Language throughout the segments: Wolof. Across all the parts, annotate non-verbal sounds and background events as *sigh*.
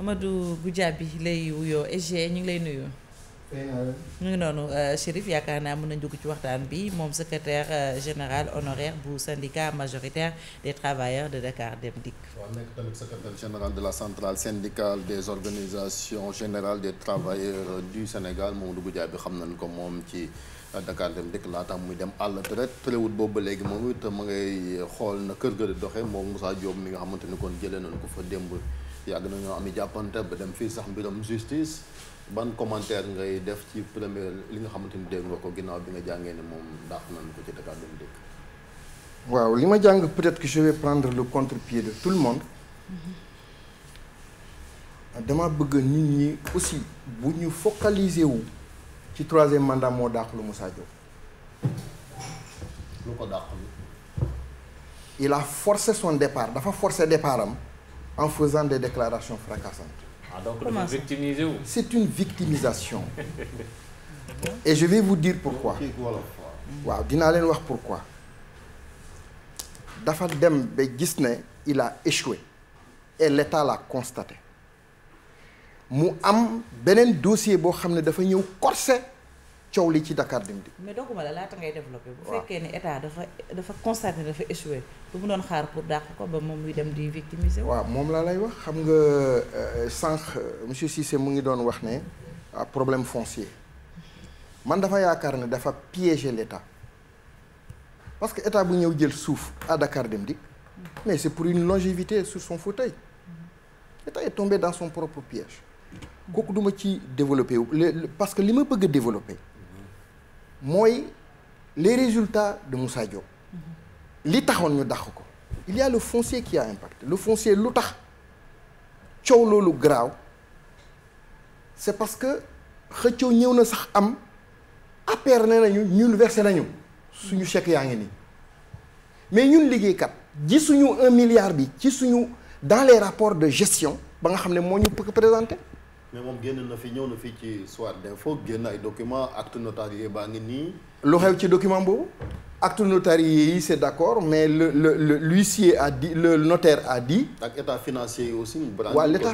Amadou Goudiaby lay wuyoo EG ñu ngi lay nuyu. ñu ngi noonu euh, Chérif yaakaar naa mën nañ dugg ci waxtaan bi moom secrétaire euh, général honoraire bu syndicat majoritaire des travailleurs de Dakar Dem Dikk. waaw nekk tamit secrétaire général de la centrale syndicale des organisations générales des travailleurs du Sénégal Mamadou xam na nu ko moom ci. Euh, Dakar dem dëkk laa tax muy dem àll te rek boobu ba léegi moom it ma ngay xool na kër ga di doxee moom Moussa Diop mi nga xamante ni kon jëlee nañ ko fa démb yàgg nañoo am i jàppante ba dem fii sax mbiram justice ban commentaire ngay def ci première li nga xamante ni dégg nga ko ginnaaw bi nga jàngee ne moom dàq nañ ko ci Dakar Dem Dikk waaw li ma jàng peut-être que je vais prendre le contre-pied de tout le monde mm-hmm. dama bëgg nit ñi aussi bu ñu focaliser wu ci troisième mandat moo dàq lu Moussa Diop lu ko dàq il a forcé son départ dafa forcé départ en faisant des déclarations fracassantes. Ah, donc Comment victimisez C'est une victimisation. *laughs* Et je vais vous dire pourquoi. waaw dinaa leen wax pourquoi. dafa dem ba gis ne il a échoué et l'État l'a constaté mu am beneen dossier boo xam ne dafa ñëw corsé coow li ci Dakar dem di mais dogguma la laata ngay développé. bu fekkee ni état dafa dafa constaté dafa échoué bu mu doon xaar pour dàq ko ba moom muy dem di victimiser. waaw moom laa lay wax xam nga euh, sànq euh, monsieur Cissé mu ngi doon wax ne ah, problème foncier man dafa yaakaar ne dafa piéger l' état parce que état bu ñëw jël suuf à Dakar dem di mais c' pour une longévité su son fauteuil état est tombé dans son propre piège kooku duma ci développé parce que li ma bëgg développé. mooy les résultat de Moussa Diop mm-hmm. li taxoon ñu dàq ko il y a le foncier qui a impacté le foncier lu tax coow loolu garaaw c'est parce que xëccoo ñëw na sax am APR ne nañu ñun versé nañu suñu chèque yaa ngi nii mais ñun liggéeykat suñu un milliard bi ci suñu dans les rapport de gestion ba nga xam ne moo ñu présenté mais moom génn na fi ñëw na fii ci soir d'info génn ay document acte notarié baa ngi nii. lu xew ci document boobu. acte notarié yi c'est d'accord mais le le le l'huissier a dit le notaire a dit. ak état financier yi aussi. brandi waaw l'état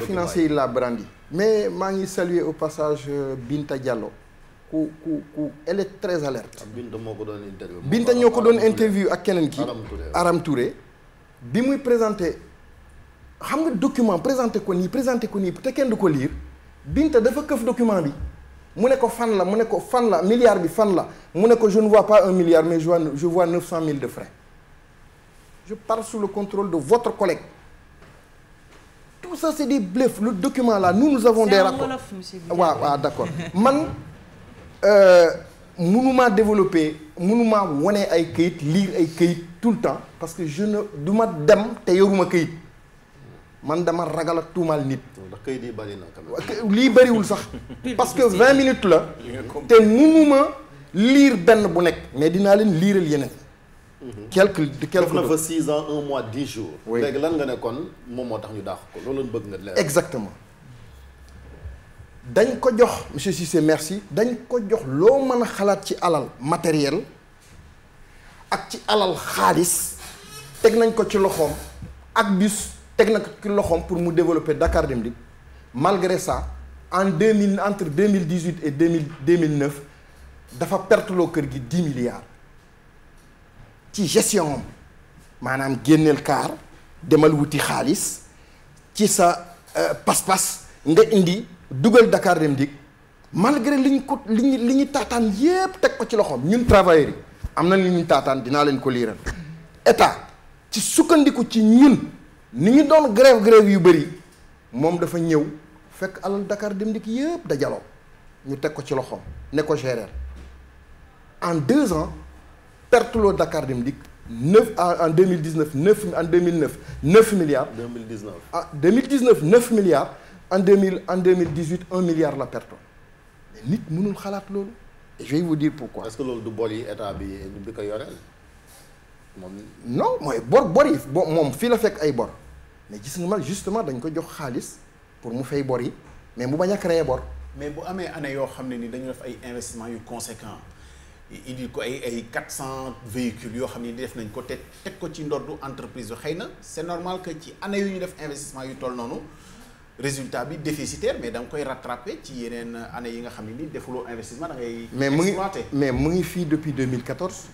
la brandi. mais maa ngi saluer au passage euh, Binta Diallo ku ku ku elle est très alerte. Ah, Binta moo ko doon interview. Binta ñoo ko doon interview ak keneen ki Aram Touré bi muy présenté xam nga document présenté ko nii présenté ko nii te kenn du ko lire. Binta dafa këf document bi mu ne ko fan la mu ne ko fan la milliard bi fan la mu ne ko je ne vois pas un milliard mais je vois je vois neuf cent mille de frais je parle sous le contrôle de votre collègue tout ça c'est de bluffs le document là nous nous avons des rapports waaw waaw d'accord man euh, mënuma développer mënuma wone ay këyit lire ay këyit tout le temps parce que je ne du ma dem te yoruma këyit man dama ragal a tuumaal nit. ndax kayit bari na lii bariwul sax. parce que vingt minutes la. *laughs* te ma liir benn bu nekk. mais dinaa leen liiral yeneen. Mhm. quelque quelque. def na fa mois dix jours. oui léegi lan nga moom moo tax ñu daax ko loolu bëgg nga leer. exactement dañ ko jox monsieur Cissé merci. dañ ko jox loo mën a xalaat ci alal matériel ak ci alal xaalis teg nañ ko ci loxoom ak bis. teg na ko ci loxoom pour mu développer Dakar Dem Dikk malgré ça en deux mille entre deux mille dix huit et deux mille deux mille neuf dafa perteloo kër gi dix milliards ci gestion am maanaam génneel kaar demal wuti xaalis ci sa euh, pas-pas nga indi dugal Dakar Dem Dikk malgré li ñu ko li ñu li ñu taataan yépp teg ko ci loxoom ñun travailleurs yi am na li ñu taataan dinaa leen ko liiral état ci sukkandiku ci ñun. ni ñu doon grève grève yu bëri moom dafa ñëw fekk alal dakaar dem dikk yëpp dajaloo ñu teg ko ci loxoom ne ko gérer en deux ans perteloo Dakar dem dikk neuf en deux mille dix neuf neuf en deux mille neuf neuf milliards. deux mille dix neuf ah deux mille dix neuf neuf milliards en deux mille en deux mille dix huit un milliard la perto mais nit mënul xalaat loolu. je vais vous dire pourquoi. est que loolu du bool yi état bi bi ko yoreel moom. non mooy bor bor moom fii la fekk ay bor. mais gis nga man justement dañ ko jox xaalis pour mu fay bor yi mais mu bañ a créer bor. mais bu amee année yoo xam ne ni dañu def ay investissement yu conséquent indi ko ay ay quatre cent véhicules yoo xam ne def nañ ko te teg ko ci ndoddu entreprise yu xëy na c'est normal que ci année yu ñu def investissement yu toll noonu résultat bi déficitaire mais da nga koy rattraper ci yeneen année yi nga xam ne nii defuloo investissement da ngay. mais mu ngi mais mu ngi fii depuis 2014.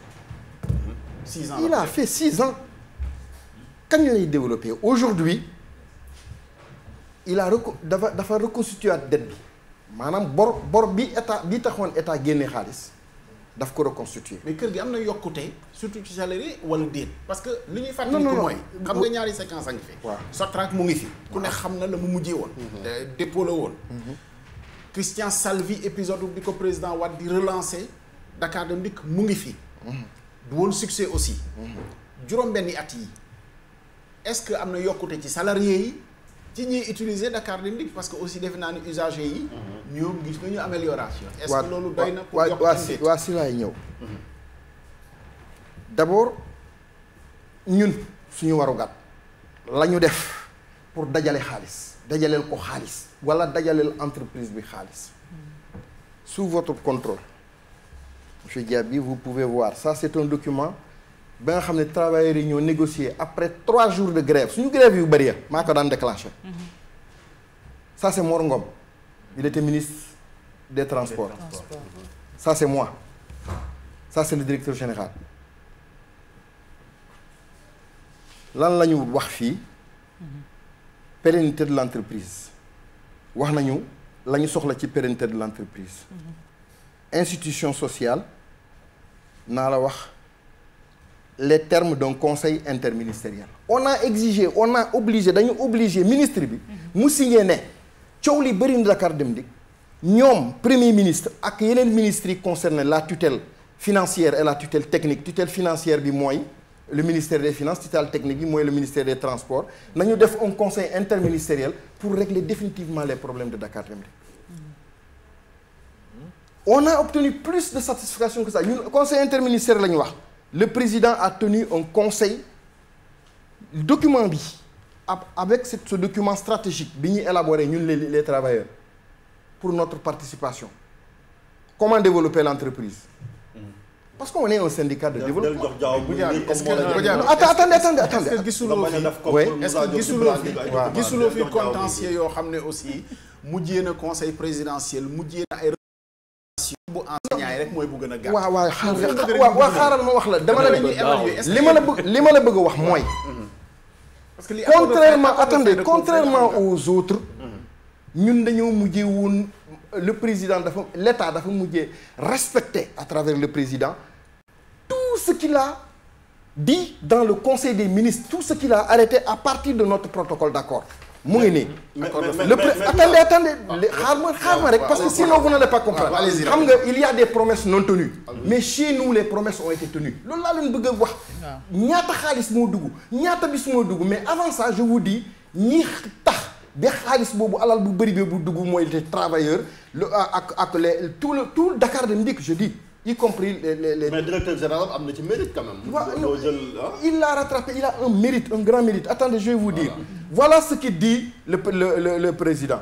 six ans il a kañ lay développé aujourd'hui il a reco dafa dafa reconstitué at dette bi maanaam bor bor bi état bi taxoon état génne xaalis daf ko reconstitué. mais kër gi am na yokkute surtout ci salarié wala déet. parce que li ñuy fàttali ko mooy. xam nga ñaari séquence a ngi fi. waaw Sotrac mu ngi fi. ku ne xam na la mu mujjee woon. Mhm. Euh, dépôt la woon. Mhm. Christian Salvi épisode bi ko président Wade di relancer Dakar Dem Dikk mu ngi fi. Mhm. du woon succès aussi. juróom-benni at yi est-ce que am na yokkute ci salarié yi ci ñuy utiliser Dakar Dem Dikk parce que aussi defe naa ni usager yi. Mhm. ñoom gis nañu amélioration. est-ce que loolu doy na pour yokk waa si waa si laay ñëw. Mhm. d'abord ñun suñu warugat lañu def pour dajale xaalis dajaleel ko xaalis wala dajaleel entreprise bi xaalis mhm. sous votre contrôle monsieur Diaby vous pouvez voir ça c'est un document. ba nga xam ne travailleurs yi ñoo négocier après trois jours de grève suñu grève yu bëri ya maa ko daan déclenché. Mhm. ça c' est Ngom il était ministre des transports. Transport. ça c' est moi ça c' est directeur général. lan la wax fii mhm. pérennité de l' entreprise wax nañu la soxla ci pérennité de l' entreprise. Mhm. institution sociale naa la wax. les termes d'un conseil interministériel on a exigé on a obligé dañu obligé ministre bi mu signé ne coow li bëri na Dakar Dem Dikk ñoom premier ministre ak yeneen ministres yi concerné la tutelle financière et la tutelle technique tutelle financière bi mooy le ministère des finances tutelle technique bi mooy le ministère des transports nañu def un conseil interministériel pour régler définitivement les problèmes de Dakar Dem Dikk on a obtenu plus de satisfaction que ça ñun la ñu wax le président a tenu un conseil document bi avec ce document stratégique bi ñuy élaborer ñun les les travailleurs pour notre participation comment développer l'entreprise parce qu'on est un syndicat de développement est-ce que attendez attendez attendez est-ce que gisuloo fi est-ce que gisuloo fi gisuloo fi contentieux yoo xam ne aussi mujjee na conseil présidentiel mujjee na ay bu enseignant mooy bu gën a gaaw. waaw waaw xaaral ma wax la dama la li ma la bëgg li ma la bëgg wax mooy. Mm-hmm. parce que li contrairement attendez contrairement aux autres. ñun dañoo mujjee woon le président dafa l'État dafa mujje respecter à travers le président tout ce qu'il a dit dans le conseil des ministres tout ce qu'il a arrêté à partir de notre protocole d'accord. mu ngi nii. mais mais le pré attendez attendez xaar ma xaar ma rek parce que sinon vous n'allez pas comprendre. xam nga il y a des promesses non tenues. Ah mais chez nous les promesses ont été tenues. loolu laa leen bëgg a wax. ñaata xaalis moo dugg ñaata bis moo dugg mais avant ça je vous dis tax ba xaalis boobu alal bu bëri bi bu dugg mooy les travailleurs le ak ak les tout le tout Dakar Dem Dikk je dis. y compris ci mérite quand même. Ah. il l'a rattrapé il a un mérite un grand mérite attendez je vais vous dire. voilà ce qu'il dit le le président.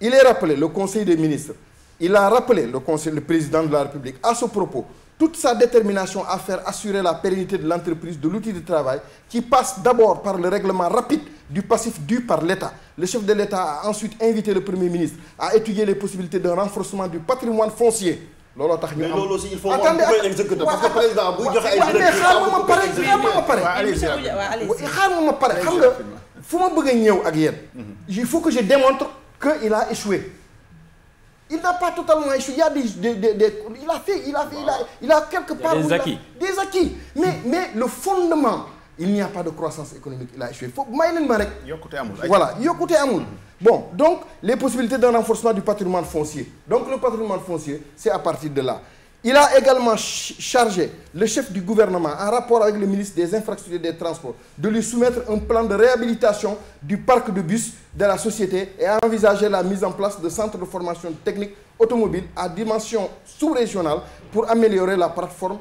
il est rappelé le conseil des ministres il a rappelé le président de la république à ce propos toute sa détermination à faire assurer la pérennité de l'entreprise de l'outil de travail qui passe d'abord par le règlement rapide du passif dû par l'État le chef de l'État a ensuite invité le du patrimoine foncier looloo tax ñu am mais loolu aussi il xaar ma ma pare xaar ma ma pare. xaar ma ma pare xam nga fu ma bëgg a ak yéen. il faut que je démontre que il a échoué. il n'a pas totalement échoué il y a des des des, des il a fait il a fait il a il quelque part. des acquis des acquis mais le fondement. il n'y a pas de croissance économique il a échoué foofu may leen ma rek. yokkute amul voilà yokkute amul. bon donc les possibilités d'un renforcement du patrimoine foncier donc le patrimoine foncier c'est à partir de là. Il a également chargé le chef du gouvernement, en rapport avec le ministre des Infrastructures des Transports, de lui soumettre un plan de réhabilitation du parc de bus de la société et envisagé la mise en place de centre de formation technique automobile à dimension sous-régionale pour améliorer la plateforme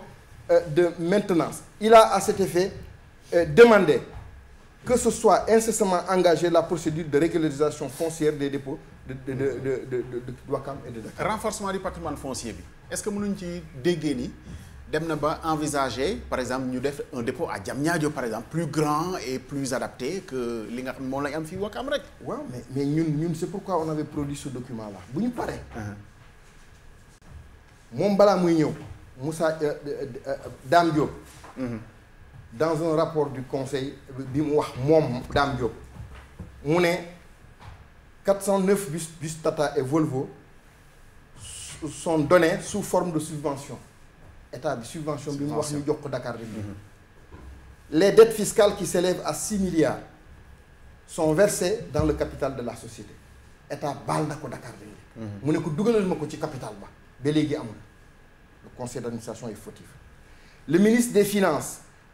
euh, de maintenance. a Euh, demander que ce soit incessamment engagé la procédure de régularisation foncière des dépôts de de de de de de Ouakam et de Dakar. renforcement du patrimoine foncier bi est-ce que mënuñ ci déggee ni dem na ba envisager par exemple ñu def un dépôt à Diamniadio par exemple plus grand et plus adapté que li nga xam moom lañ am fii Ouakam rek. waaw mais mais ñun ñun c'est pourquoi on avait produit ce document là bu ñu paree. Uh-huh. moom balaa muy ñëw Moussa euh, euh, Dame Diop. Mm-hmm. dans un rapport du conseil bi mu wax moom Dame Diop mu ne 409 bus bus Tata et Volvo sont donnés sous forme de subvention état bi subvention bi mu wax ñu jox ko Dakar bi mm-hmm. les dettes fiscales qui s'élèvent à 6 milliards sont versées dans le capital de la société état baal na ko Dakar bi mm-hmm. mu ne ko dugalal ma ko ci capital ba ba léegi amul le conseil d'administration est fautif le ministre des finances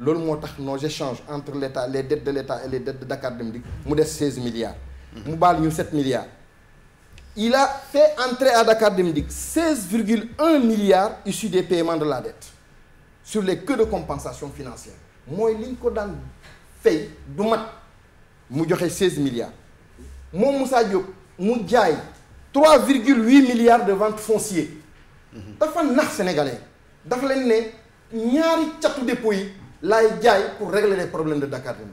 loolu moo tax noo échanges entre l' les dettes de l' état et les dettes de Dakar Dem Dikk mu des 16 milliards. mu baal ñu 7 milliards. il a fait entrer à Dakar Dem Dikk 16,1 milliards issus des paiements de la dette sur les queues de compensation financière mooy li ñu ko daan fay du mat mu joxe 16 milliards. moom Moussa Diop mu jaay 3,8 milliards de ventes foncières. Mhm. dafa nax sénégalais dafa leen ne ñaari catu dépôt yi. laay jaay pour régler les problèmes de Dakar Dem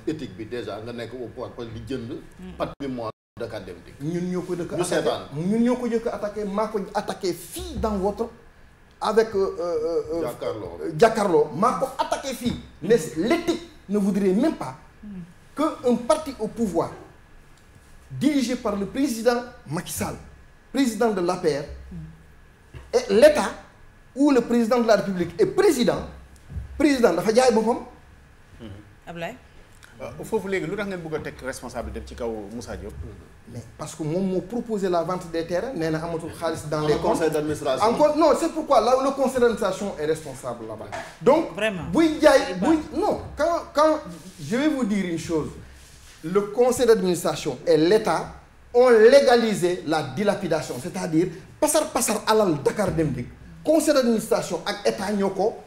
éthique bi déjà nga nekk au pouvoir parce que li jënd mm. patrimoine dëkk académique ñun ñoo ko jëkk attaqué ñun ñoo ko jëkk attaqué maa ko attaqué fii dans votre avec euh, euh, euh, jàkkaarloo jàkkaarloo maa ko attaqué fii mais l'éthique ne voudrait même pas mm. que un partie au pouvoir dirigé par le président Macky Sall président de l'APR mm. et l'État où le président de la République et président président dafa jaay boppam Euh, foofu léegi lu tax ngeen bëgg a teg responsable dem ci kaw Moussa Diop. mais parce que moom moo proposé la vente des terres nee na amatul xaalis dans les conseils d'administration encore non c'est pourquoi là le conseil d'administration est responsable là-bas. donc vraiment buy jaay buy non quand quand je vais dire une chose le conseil d'administration est l'État ont légalisé la dilapidation c'est-à-dire pasar pasar alal Dakar Dem Dikk conseil d'administration ak état ñoo ko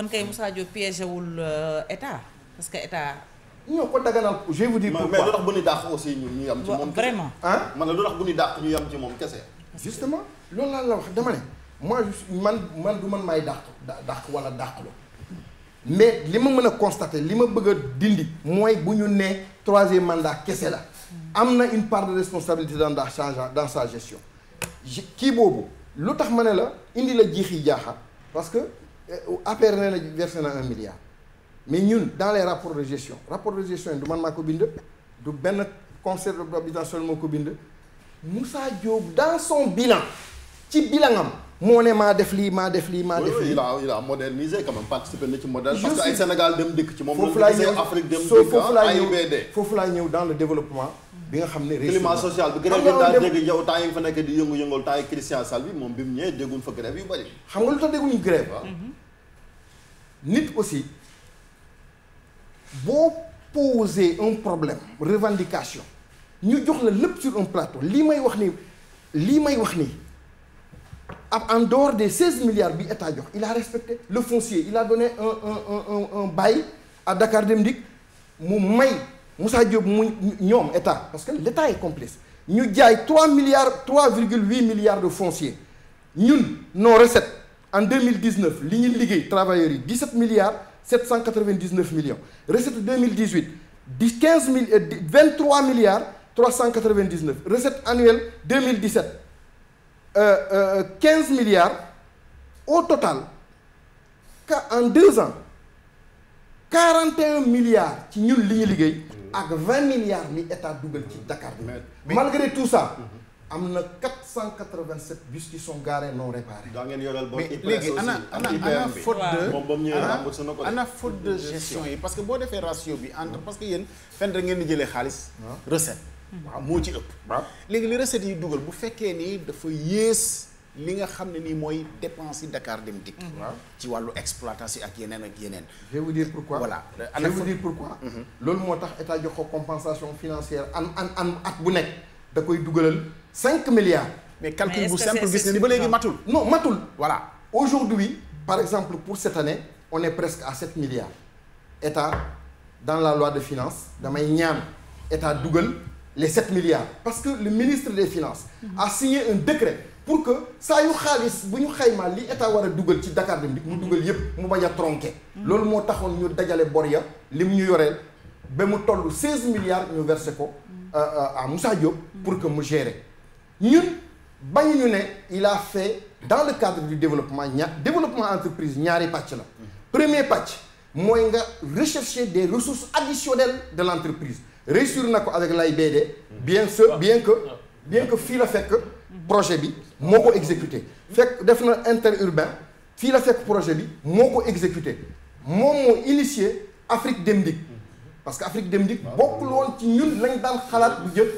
kon kay Moussa Diop piégé wul euh, état parce que état. ñoo ko daganal je mais lu tax bu ñu dàq aussi ñu yam ci moom vraiment ah man lu tax bu ñu dàq ñu yam ci moom kese. justement loolu laa la wax dama ne moi man man du man maay dàq dàq wala dàqlo mais li ma mën a constater li ma bëgg a dindi mooy bu ñu ne troisième mandat kese la am na une part de responsabilité dans dans sa dans sa gestion kii boobu lu tax ma ne la indi la jiixi jaaxa parce que Euh, APR nee na versé na un milliard mais ñun dans les rapports de gestion rapport de gestion du man maa ko bind du benn conseil d'habitation moo ko bind Moussa Diop dans son bilan ci bilanam moo ne maa def lii maa def lii maa def lii. il a il a modernisé quand même participé na ci moderne. parce que ay Sénégal dem dikk ci moom. foofu laay ñëw Afrique dem dikk AIBD ah, foofu laay ñëw dans le développement. bi nga xam ne réussir climat social bi. xam nga woon dégg dégg yow temps yi nga fa nekk di yëngu-yëngal temps yi Christian Sall bi moom bi mu ñëwee dégguñ fa grève yu bari. xam nga lu tax dégguñu grève ah. mhm. nit aussi boo poser un problème revendication ñu jox la lépp sur un plateau lii may wax nii lii may wax nii. en dehors des 16 milliards bi état jox il a respecté le foncier il a donné un un un un bail à Dakar Dem Dikk mu may Moussa Diop mu ñoom état parce que l' état est complice ñu jaay 3 milliards 3 virgule 8 milliards de foncier ñun nos recettes en li ñu liggéey travailleurs yi 17 milliards 799 recette euh, milliards recette annuelle Euh, euh, quinze milliards au total en deux ans quarante et milliards ci ñun li ñu liggéey ak vingt milliards li état dugal ci Dakar bi malgré tout ça mhm. am na quatre cent quatre-vingt-sept bus qui sont garés non léegi ana ana ana de ana faute de gestion yi parce que boo defee ratio bi entre parce que yéen fenn rek ngeen di jëlee xaalis ah. recette waaw moo ci ëpp léegi li recettes yi dugal bu fekkee nii dafa yées li nga xam ne nii mooy dépense yi Dakar Dem Dikk waaw ci wàllu exploitation ak yeneen ak yeneen je vais vous dire mhm. loolu moo tax état jox ko compensation financière an an an at bu nekk da koy dugalal cinq milliards mais calcul bu simple gis ni ba léegi matul non matul voilà aujourd'hui par exemple pour cette année on est presque à sept milliards état dans la loi de finance damay ñaan état dugal les 7 milliards parce que le ministre des finances a signé un décret pour que saa yu xaalis bu ñu xaymaa li état war a dugal ci Dakar bi Dikk mu dugal yépp mu bañ a tronqué loolu moo taxoon ñu dajale bor ya li mu ñu yoree ba mu toll 16 milliards ñu versé ko euh, euh, à Moussa Diop pour que mu gérer ñun bañ ñu ne il a fait dans le cadre du développement ñaar développement entreprise ñaari pàcc la premier pàcc mooy nga rechercher des ressources additionnelles de l'entreprise réussir na ko avec l'AIBD bien sûr bien que bien que fii la fekk projet bi moo ko exécuté fekk def na interurbain fii la fekk projet bi moo ko exécuté moom moo initié Afrique Dem Dikk parce que Afrique Dem Dikk bokkul woon ci ñun lañ daan xalaat bu jëkk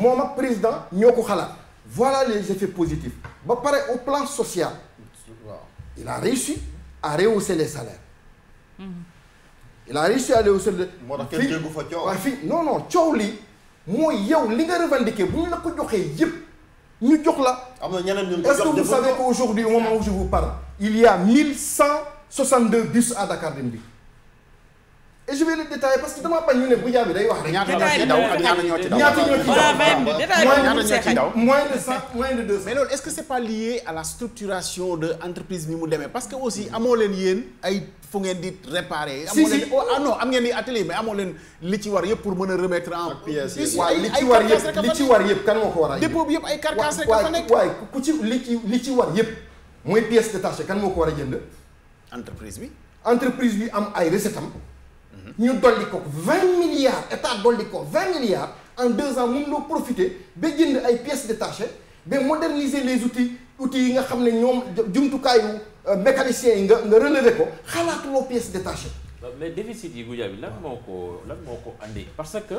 moom ak président ñoo ko xalaat voilà les effets positifs ba pare au plan social il a réussi à rehausser les salaires mmh. il a réussi à aller au sol de. moo tax kenn déggu fa coow waaye fii non non coow lii mooy yow li nga revendiqué bu ñu la ko joxee yëpp ñu jox la. am na ñeneen ñun est-ce que vous savez qu'aujourd'hui au moment où je vous parle il y mille cent soixante deux bus à Dakar Dem bi et je vais le détailler parce que damaa bañ ñu ne bu jaabi day wax rek. ñaata ñoo ci daw moins de cent moins de deux mais loolu est-ce que c'est pas lié à la structuration de entreprise ni mu demee parce que aussi amoo leen yéen ay fu ngeen di réparer. Oh, ah am ngeen di atelier mais amoo leen li ci war yëpp pour mën a remettre en. pièces yi waaw li ci war yëpp li ci war yëpp kan moo a. dépôt bi yëpp ay carcasses rek dafa nekk waay ku ci li ci li ci war yëpp mooy pièces détachées kan moo ko war a jënd. entreprise bi. entreprise bi am ay recette ñu dolli ko vingt milliards état dolli ko vingt milliards en deux ans mun loo profiter ba jënd ay pièces détachées ba moderniser les outils outils yi nga xam ne ñoom jumtukaayu euh, mécaniciens yi nga nga relever ko xalaatuloo pièces détachées mais déficit yi bi lan moo ko lan moo ko andi parce que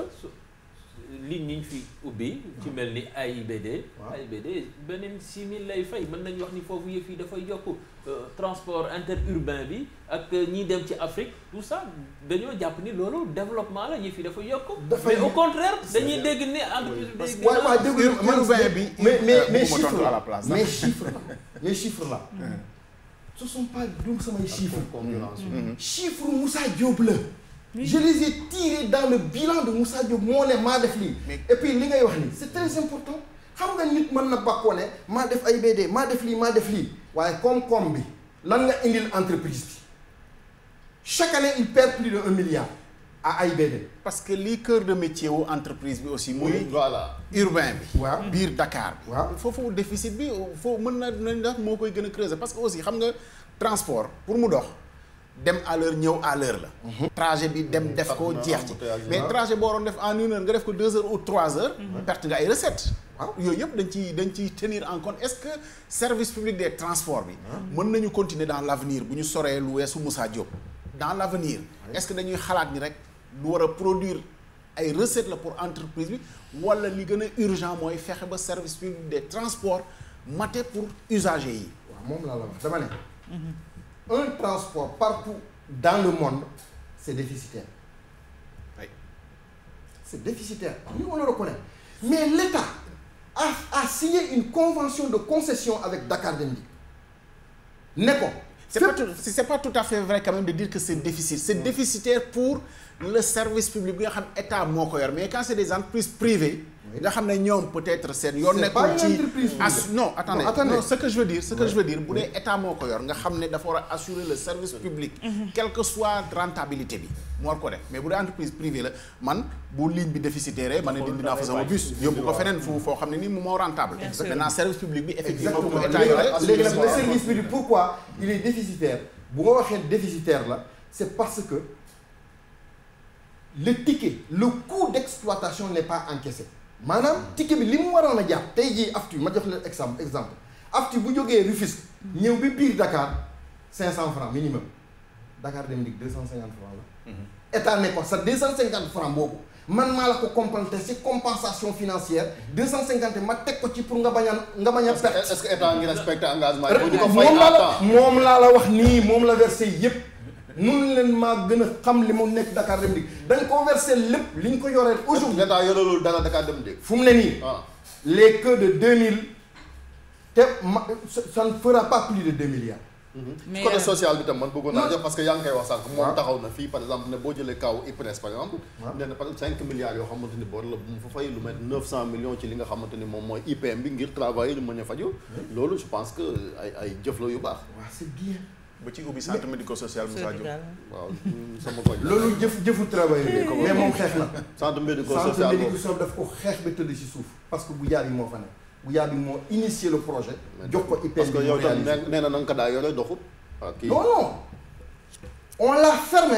lii yi ñu fi ubbi. ci mel ni ay ay AIBD beneen six mille lay fay mën nañu wax ni foofu yëf yi dafay yokk euh, transport interurbain bi ak euh, ñiy dem ci Afrique tout sax dañoo jàpp ni loolu développement la yëf yi dafa yokk. dafay mais au contraire dañuy dégg ne entreprise bi. waaw waaw déglu urbain bi. mais mais mais chiffre la mais chiffre la mais chiffre la. Mm. ce sont pas du samay chiffres. Mm. chiffre Moussa Diop la. Oui. Je les ai tirés dans le bilan de Moussa Diop moo ne maa def lii. et puis li ngay wax nii c'est très important xam nga nit mën na bàkkoo ne maa def ay BD maa def lii maa def lii waaye koom-koom bi lan nga indil entreprise bi chaque année il perd plus de un milliard à ay BD. parce que lii cœur de métier wu entreprise bi aussi. muy voilà urbain bi. waaw biir Dakar bi. waaw foofu déficit bi foo mën na nañ def moo koy gën a creuser parce que aussi xam nga transport pour mu dox. dem à l'heure ñëw à l'heure la mhm. trajet bi dem def ko jeex ci mais trajet boo waroon def en une heure nga def ko deux heures ou trois heures mhm. perte nga ay recettes waaw ah. yooyu yëpp dañ ciy dañ ciy tenir en compte est-ce que service public des transports bi ah. mën nañu continuer dans l'avenir bu ñu soree lu weesu Moussa Diop dans l'avenir est-ce que dañuy xalaat ni rek lu war a produire ay recettes la pour entreprise bi wala li gën a urgent mooy fexe ba service public des transports mate pour usagers yi waaw moom laa la wax dama ne mhm. un transport partout dans le monde, c'est déficitaire. Oui. C'est déficitaire. Nous, on le reconnaît. Mais l'État a, a, signé une convention de concession avec Dakar Demdi. N'est-ce pas c'est pas, tout, pas tout à fait vrai quand même de dire que c'est déficit. C'est déficitaire pour le service public. Mais quand c'est des entreprises privées, nga xam ne ñoom peut-être seen yoon nekkul ci as non attendez non ce que je veux dire ce que je veux dire bu dee état moo ko yor nga xam ne dafa war a assurer le service public mhm. quelle que soit rentabilité bi mu war ko def mais bu dee entreprise privée la man bu ligne bi déficitaire man ne dindi naa fa sama bus yóbbu ko feneen fu foo xam ne nii mu moo rentable maintenant service public bi effectivement ko état yore léegi nag le est déficitaire la c'est parce que le ticket le coût d'exploitation n'est pas encaissé maanaam ticket bi li mu waroon a jàpp tey jii aftu ma jox leen exemple exemple aftu bu jógee Rufisque ñëw bi biir dakaar cinq cent francs minimum Dakar dem dig deux cent cinquante francs mhm. ne ko sa deux cent boobu man maa la ko complété ci compensation financière deux cent cinquante ma teg ko ci pour nga bañ a nga bañ a perte est-ce que état moom laa la moom laa wax nii moom la versé yëpp mënuñ leen maa gën a xam li mu nekk Dakar Dem Dikk dañ ko versé lépp li ñu ko yoree aujourd'hui l'état yorelul dara Dakar Dem Dikk fu mu ne nii ah. les queues de deux mille te ma ça ne fera pas plus de deux milliards mhm. mais côté euh, social bi tam man bëggoon naa jox parce que yaa ngi koy wax sànq. moom ah. taxaw na fii par exemple ne boo jëlee kaw IPRES par exemple. Ah. nee na par exemple 5 milliards yoo xamante ni la bu mu fa fay lu mel 900 millions ci li nga xamante a faju loolu pense que ay ay jëf yu baax. waaw ba ci ubbi centre médico social Moussa Diop. waaw loolu jëf jëfu travail bi. moom xeex na. centre médico social centre médico social daf ko xeex ba tëdd ci suuf. parce que bu yaay yi moo fa ne bu yaay bi moo initié le projet. jox ko IPM parce que yow tam nee na na nga ko daa yore doxut. Ah, non non l'a fermé.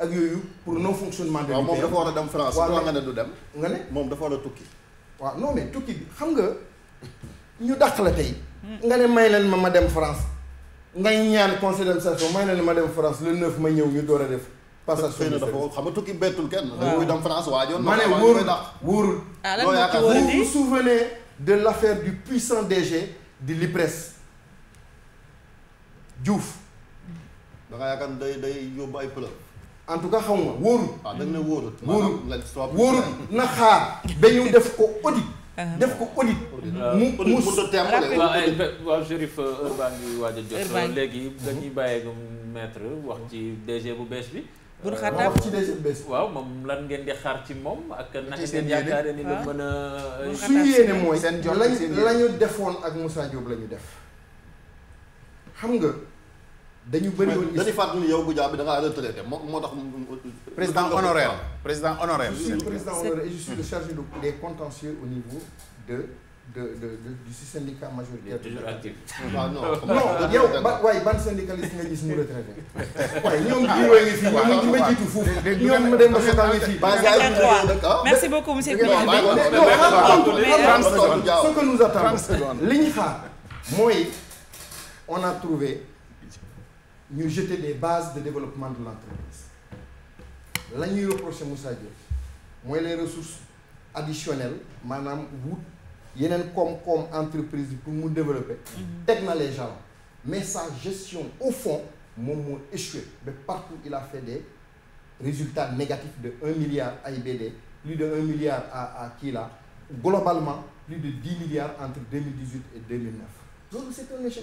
ak yooyu pour non fonctionnement. de waaw moom dafa war a dem France. waaw nga ne du dem. nga ne moom dafa war a tukki. waaw non mais tukki xam nga ñu dàq la tey. nga ne may leen ma ma dem France. ngay ñaan conseil d'administration may leen ma dem France le 9 ma ñëw ñu door a def. passation xëy na dafa xam nga tukki bettul kenn. waaw muy dem France waajoon. ma ne wóorul wóorul. ah lan nga ko de l' affaire du puissant DG de l'IPRES Diouf. da nga yaakaar day day yóbbu ay pleurs. en tout cas xamuma wóorul. waaw ah, dañ ne wóorul. wóorul wóorul na xaar ba def ko audit. Ah. def ko audit. mu mu mu doon teel waaw Chérif euh, ngi waaj a jot. léegi dañuy bàyyi maître wax ci DG bu bees bi. bun euh, xattaab ci DG bu bees waaw moom lan ngeen di xaar ci moom ak naka ngeen yaakaare ni la ah. mën a. Euh, suñu yéene mooy. seen lañu la ñu defoon ak Moussa Diop la ñu def xam nga. dañu bëri woon dañuy fàttali bu Goudia bi da ngaa retraité moo moo tax. président honoraire président honoraire. je suis président honoraire et je suis le chargé des contentieux au niveau de. de de de du syndicat majoritaire. toujours actif. waaw ah, *laughs* yow ba waaye ban syndicaliste nga gis mu retraité. *laughs* waaye ñoom ah, jiwee ngi fi ñoom ñu ma jiitu foofu. ñoom ma dem ba seetaan ah. ngi merci beaucoup monsieur Guèye. ce ñu xaar mooy on a trouvé. ñu jeter des bases de développement de l'entreprise la ñuy reproché Moussa Diop mooy les ressources additionnelles maanaam wut yeneen koom-koom entreprise bi pour mu développer mm-hmm. teg na les gens mais sa gestion au fond moom moo échoué ba partout il a fait des résultats négatifs de un milliard AIBD plus de un milliard à à kii là globalement plus de dix milliards entre deux mille et loolu c'est un échec.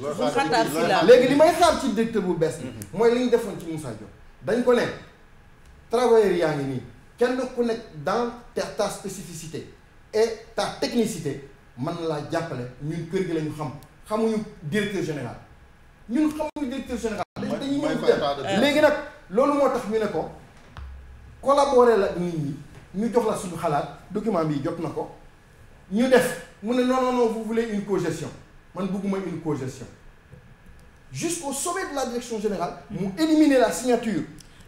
léegi li may xaar ci directeur bu bees bi. Mhm. mooy li defoon ci Moussa Diop. dañ ko ne travailleurs yaa ngi nii kenn ku nekk dans ta spécificité et ta technicité man laa jàppale ñun kër gi lañu xam xamuñu directeur général ñun xamuñu directeur général. dañuy ñëw léegi nag loolu moo tax ñu ne ko collaborer la ñu jox la suñu xalaat document bi jot na ko ñu def mu ne non non non vous voulez une man bëgguma une cogestion jusqu'au sommet de la direction générale mu éliminer la signature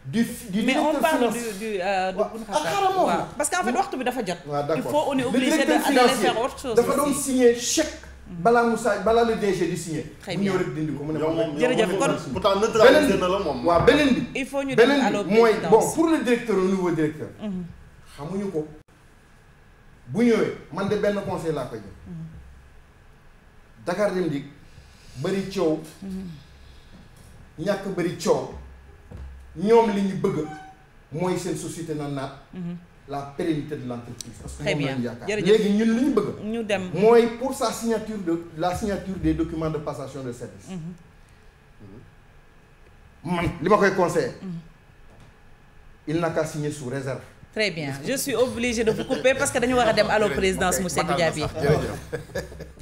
du du mais on parle du du euh, de Boun Khatar waaw parce que en fait bi dafa jot. waaw d'accord il faut on est obligé d'aller faire autre chose dafa doon signer chèque. Mm-hmm. balaa Moussa balaa le DG di signer. xëy na ñëw rek dindi ko mu ne. jërëjëf kon pourtant neutralisé na la moom. waaw beneen bi il faut ñu dem beneen mooy bon pour le directeur le nouveau directeur. Mm-hmm. xamuñu ko bu ñëwee man de benn conseil laa koy jox. Mm-hmm. Dakar Dem Dikk bëri coow ñàkk bëri coow ñoom li ñu bëgg mooy seen société na naat la pérennité de l'entreprise parce que moom lañu yaakaar léegi ñun li ñu bëgg ñu dem mooy pour sa signature de la signature des documents de passation de service mhm. man li ma koy conseillé mhm. il n'a qu'à signer sous réserve très bien je suis obligé de vous couper parce que dañu war a dem allo présidence monsieur Goudiaby *laughs*